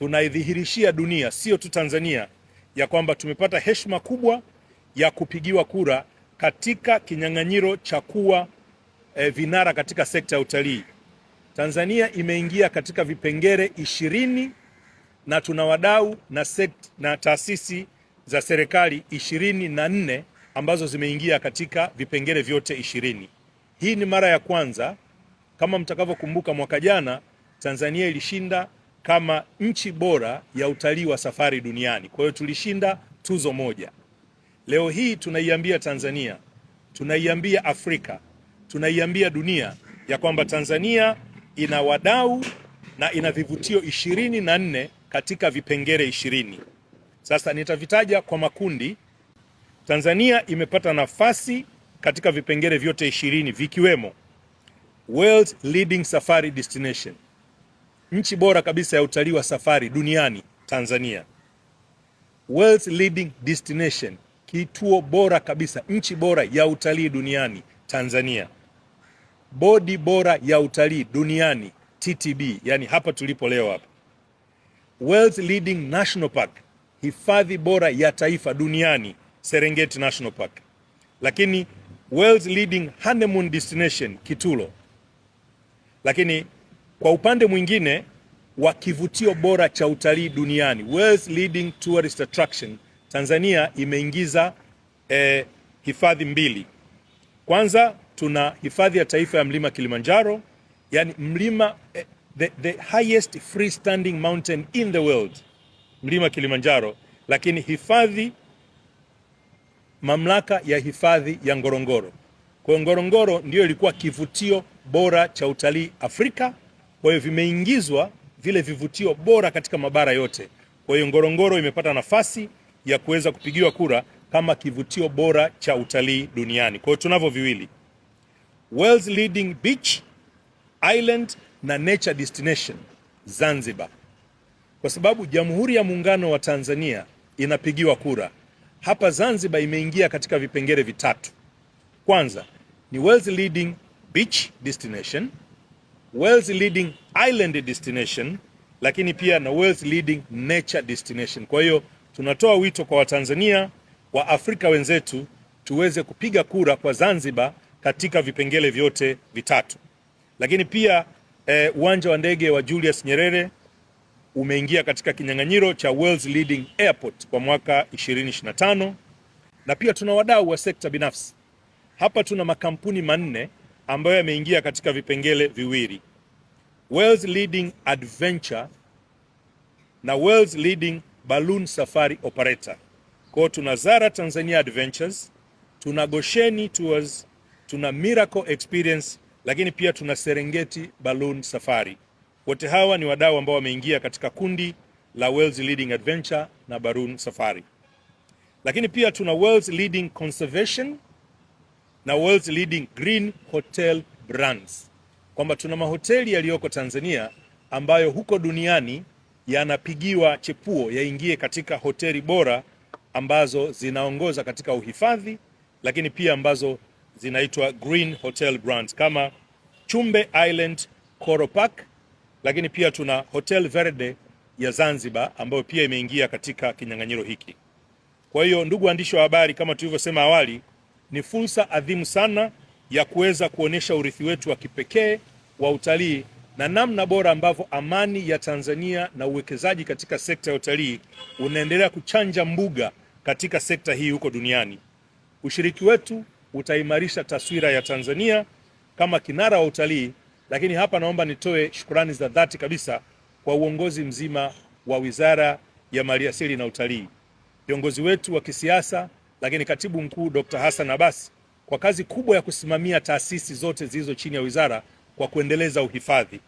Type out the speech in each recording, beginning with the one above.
tunaidhihirishia dunia, sio tu Tanzania, ya kwamba tumepata heshima kubwa ya kupigiwa kura katika kinyang'anyiro cha kuwa e, vinara katika sekta ya utalii. Tanzania imeingia katika vipengele ishirini na tuna wadau na, na taasisi za serikali ishirini na nne ambazo zimeingia katika vipengele vyote ishirini. Hii ni mara ya kwanza. Kama mtakavyokumbuka, mwaka jana Tanzania ilishinda kama nchi bora ya utalii wa safari duniani. Kwa hiyo tulishinda tuzo moja. Leo hii tunaiambia Tanzania, tunaiambia Afrika, tunaiambia dunia ya kwamba Tanzania ina wadau na ina vivutio ishirini na nne katika vipengele ishirini. Sasa nitavitaja kwa makundi. Tanzania imepata nafasi katika vipengele vyote ishirini vikiwemo World Leading Safari Destination nchi bora kabisa ya utalii wa safari duniani Tanzania, World's leading destination, kituo bora kabisa, nchi bora ya utalii duniani Tanzania, bodi bora ya utalii duniani TTB, yani hapa tulipo leo hapa, World's leading national park, hifadhi bora ya taifa duniani Serengeti National Park, lakini World's leading honeymoon destination Kitulo, lakini kwa upande mwingine wa kivutio bora cha utalii duniani World's Leading Tourist Attraction, Tanzania imeingiza eh, hifadhi mbili. Kwanza tuna hifadhi ya taifa ya mlima Kilimanjaro, yani mlima eh, the, the highest freestanding mountain in the world, mlima Kilimanjaro, lakini hifadhi mamlaka ya hifadhi ya Ngorongoro. Kwa Ngorongoro ndio ilikuwa kivutio bora cha utalii Afrika kwa hiyo vimeingizwa vile vivutio bora katika mabara yote. Kwa hiyo Ngorongoro imepata nafasi ya kuweza kupigiwa kura kama kivutio bora cha utalii duniani. Kwa hiyo tunavyo viwili, World's leading beach, island na nature destination Zanzibar, kwa sababu Jamhuri ya Muungano wa Tanzania inapigiwa kura hapa. Zanzibar imeingia katika vipengele vitatu. Kwanza ni world's leading beach destination world's leading island destination, lakini pia na world's leading nature destination. Kwa hiyo tunatoa wito kwa Watanzania wa Afrika wenzetu tuweze kupiga kura kwa Zanzibar katika vipengele vyote vitatu. Lakini pia eh, uwanja wa ndege wa Julius Nyerere umeingia katika kinyang'anyiro cha world's leading airport kwa mwaka 2025 na pia tuna wadau wa sekta binafsi hapa, tuna makampuni manne ambayo yameingia katika vipengele viwili World's Leading Adventure na World's Leading Balloon Safari Operator. Kwao tuna Zara Tanzania Adventures, tuna Gosheni Tours, tuna Miracle Experience, lakini pia tuna Serengeti Balloon Safari. Wote hawa ni wadau ambao wameingia katika kundi la World's Leading Adventure na Balloon Safari, lakini pia tuna World's Leading Conservation na world's leading green hotel brands, kwamba tuna mahoteli yaliyoko Tanzania ambayo huko duniani yanapigiwa chepuo yaingie katika hoteli bora ambazo zinaongoza katika uhifadhi, lakini pia ambazo zinaitwa green hotel brands kama Chumbe Island Coral Park, lakini pia tuna Hotel Verde ya Zanzibar ambayo pia imeingia katika kinyang'anyiro hiki. Kwa hiyo, ndugu waandishi wa habari, kama tulivyosema awali ni fursa adhimu sana ya kuweza kuonesha urithi wetu wa kipekee wa utalii na namna bora ambavyo amani ya Tanzania na uwekezaji katika sekta ya utalii unaendelea kuchanja mbuga katika sekta hii huko duniani. Ushiriki wetu utaimarisha taswira ya Tanzania kama kinara wa utalii, lakini hapa naomba nitoe shukrani za dhati kabisa kwa uongozi mzima wa Wizara ya Maliasili na Utalii, viongozi wetu wa kisiasa lakini katibu mkuu Dr. Hassan Abbas kwa kazi kubwa ya kusimamia taasisi zote zilizo chini ya wizara kwa kuendeleza uhifadhi.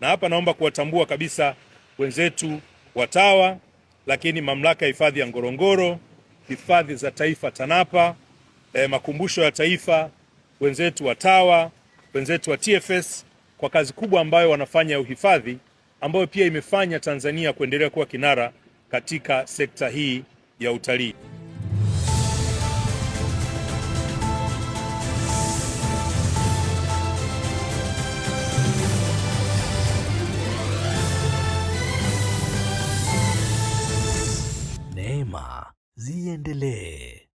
Na hapa naomba kuwatambua kabisa wenzetu watawa, lakini mamlaka ya hifadhi ya Ngorongoro, hifadhi za taifa TANAPA, eh, makumbusho ya taifa, wenzetu watawa, wenzetu wa TFS kwa kazi kubwa ambayo wanafanya ya uhifadhi ambayo pia imefanya Tanzania kuendelea kuwa kinara katika sekta hii ya utalii. ziendelee.